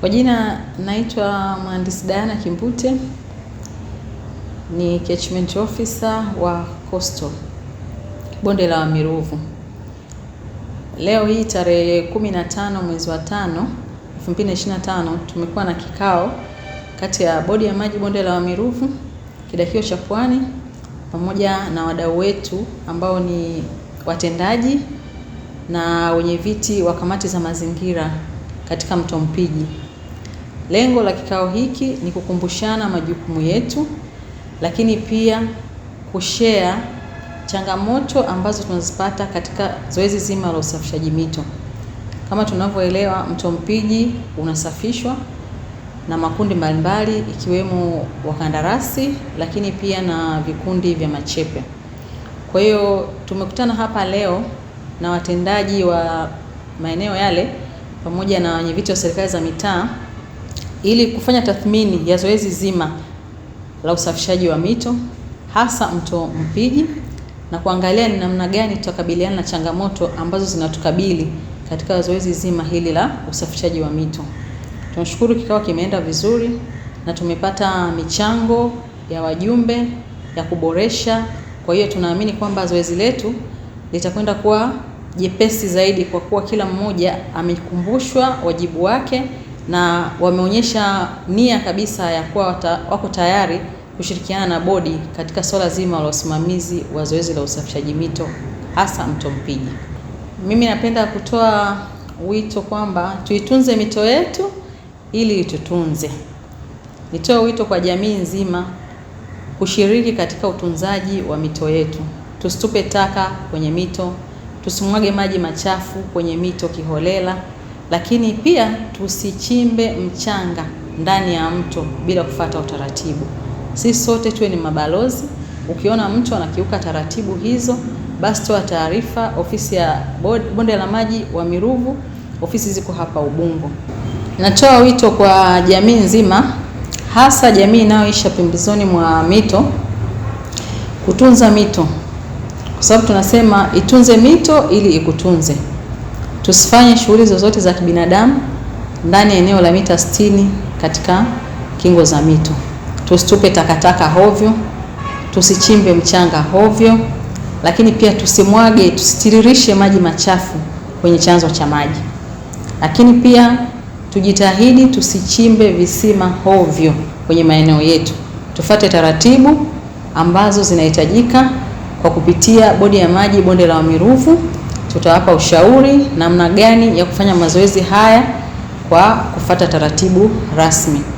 Kwa jina naitwa Mhandisi Diana Kimbute, ni catchment officer wa Coastal bonde la Wamiruvu. Leo hii tarehe 15 mwezi wa 5 2025 tumekuwa na kikao kati ya bodi ya maji bonde la Wamiruvu kidakio cha Pwani pamoja na wadau wetu ambao ni watendaji na wenye viti wa kamati za mazingira katika mto Mpiji. Lengo la kikao hiki ni kukumbushana majukumu yetu, lakini pia kushare changamoto ambazo tunazipata katika zoezi zima la usafishaji mito. Kama tunavyoelewa, mto Mpiji unasafishwa na makundi mbalimbali ikiwemo wakandarasi, lakini pia na vikundi vya machepe. Kwa hiyo tumekutana hapa leo na watendaji wa maeneo yale pamoja na wenyeviti wa serikali za mitaa ili kufanya tathmini ya zoezi zima la usafishaji wa mito hasa mto Mpiji na kuangalia ni namna gani tutakabiliana na changamoto ambazo zinatukabili katika zoezi zima hili la usafishaji wa mito. Tunashukuru kikao kimeenda vizuri na tumepata michango ya wajumbe ya kuboresha. Kwa hiyo tunaamini kwamba zoezi letu litakwenda kuwa jepesi zaidi kwa kuwa kila mmoja amekumbushwa wajibu wake na wameonyesha nia kabisa ya kuwa wako tayari kushirikiana na bodi katika swala zima la usimamizi wa zoezi la usafishaji mito hasa mto Mpiji. Mimi napenda kutoa wito kwamba tuitunze mito yetu ili itutunze. Nitoe wito kwa jamii nzima kushiriki katika utunzaji wa mito yetu. Tusitupe taka kwenye mito, tusimwage maji machafu kwenye mito kiholela. Lakini pia tusichimbe mchanga ndani ya mto bila kufata utaratibu. Sisi sote tuwe ni mabalozi. Ukiona mtu anakiuka taratibu hizo, basi toa taarifa ofisi ya bonde la maji wa Miruvu. Ofisi ziko hapa Ubungo. Natoa wito kwa jamii nzima, hasa jamii inayoisha pembezoni mwa mito kutunza mito, kwa sababu tunasema itunze mito ili ikutunze. Tusifanye shughuli zozote za kibinadamu ndani ya eneo la mita 60 katika kingo za mito. Tusitupe takataka hovyo, tusichimbe mchanga hovyo, lakini pia tusimwage, tusitiririshe maji machafu kwenye chanzo cha maji. Lakini pia tujitahidi tusichimbe visima hovyo kwenye maeneo yetu. Tufate taratibu ambazo zinahitajika kwa kupitia Bodi ya Maji Bonde la Wami Ruvu tutawapa ushauri namna gani ya kufanya mazoezi haya kwa kufata taratibu rasmi.